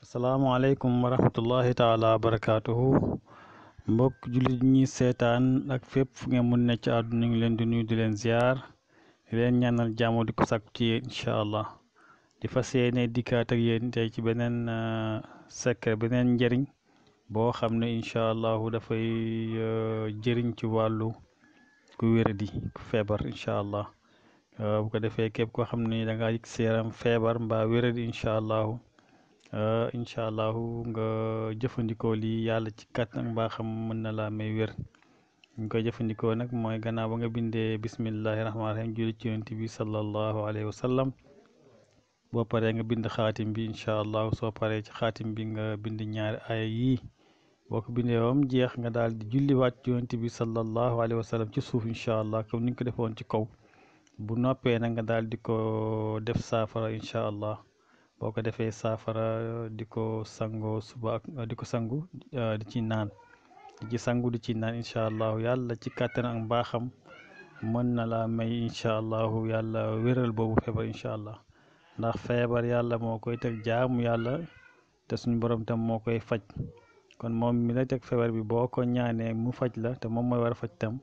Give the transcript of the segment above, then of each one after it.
salaamaaleykum wa rahmatullahi taala wa barakaatuhu mbokk jullit ñi seetaan ak fépp fu ngeen mun ne ci àdduna ngi leen di nuyu di leen ziar di leen ñaanal jàmm di ko sàkku ci yéen allah di fas yéene dikkaat ak yéen tey ci beneen uh, secret beneen njëriñ boo xam ne incha allahu dafay uh, jëriñ ci wàllu ku wéradi feebar incha allah uh, bu ko defee képp koo xam ne da ngaa yëg feebar mba wéradi incha allahu Euh, incha allahu nga jëfandikoo lii yàlla ci kàttan ak mbaaxam mën na laa may wér ñu koy jëfandikoo nag mooy gannaaw ba nga bindee bismillahi rahmaani rahim julli ci yonent bi sallallahu alayhi wa sallam boo paree nga bind xaatim bi incha allahu soo paree ci xaatim bi nga bind ñaari aaya yii boo ko bindee bam jeex nga daal di julliwaat ci yonent bi sallallahu alayhi wa sallam ci suuf incha allah comme ni ñu ko defoon ci kaw bu noppee nag nga daal di ko def saafara incha allah. boo ko defee saafara di ko sangoo suba di ko sangu eh, di ci naan di sangu di ci naan incha allahu yàlla ci kàttan ak mbaaxam mën na la may incha allahu yàlla wéral boobu feebar incha allah ndax feebar yàlla moo koy teg jaamu yàlla te suñu borom tam moo koy faj kon moom mi la teg feebar bi boo ko ñaanee mu faj la te moom mooy war a faj tam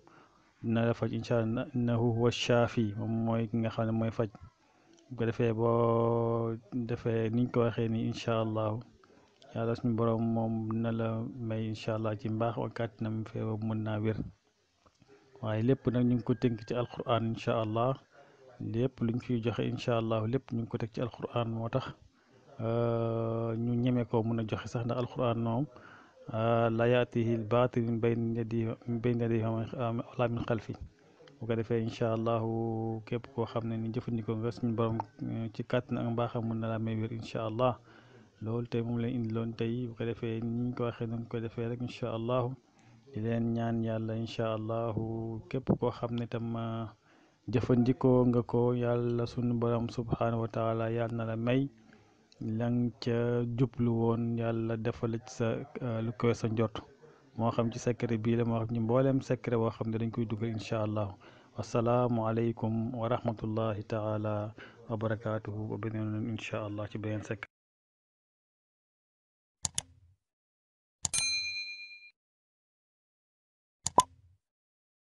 dina la faj incha allah innahu huwa shaafi moom mooy ki nga xam ne mooy faj bu ko defee boo defee niñ ko waxee ni incha allahu yàlla suñu borom moom na la may incha allah ci mbaax ak kàttanam feebar mën naa wér waaye lépp nag ñu ngi ko tënk ci alquran incha allah lépp luñ fiy joxe incha allah lépp ñu ngi ko teg ci alquran moo tax ñu ñeme ko mën a joxe sax ndax alquran moom la yaatihi l baatil min bayni yadihi min bayni yadihi wala min xalfi bu ko defee incha allahu képp koo xam ne ni jëfandikoo nga suñu eh, ci kàttan ak mbaaxam na laa may wér incha allah loolu tey moom lañ indi tey bu ko defee ni ñu ko waxee noonu ko defee rek incha allahu di leen ñaan yàlla incha allahu képp koo xam ne tam eh, jëfandikoo nga ko yàlla suñu borom subhanahu wa taala na la may lang ca jublu woon yàlla defal ci sa eh, lu koy sa njort موخم جي سكر بيلا موخم جي مبولم سكر واخم درنكو دوغل إن شاء الله والسلام عليكم ورحمة الله تعالى وبركاته وبنين إن شاء الله تبين سكر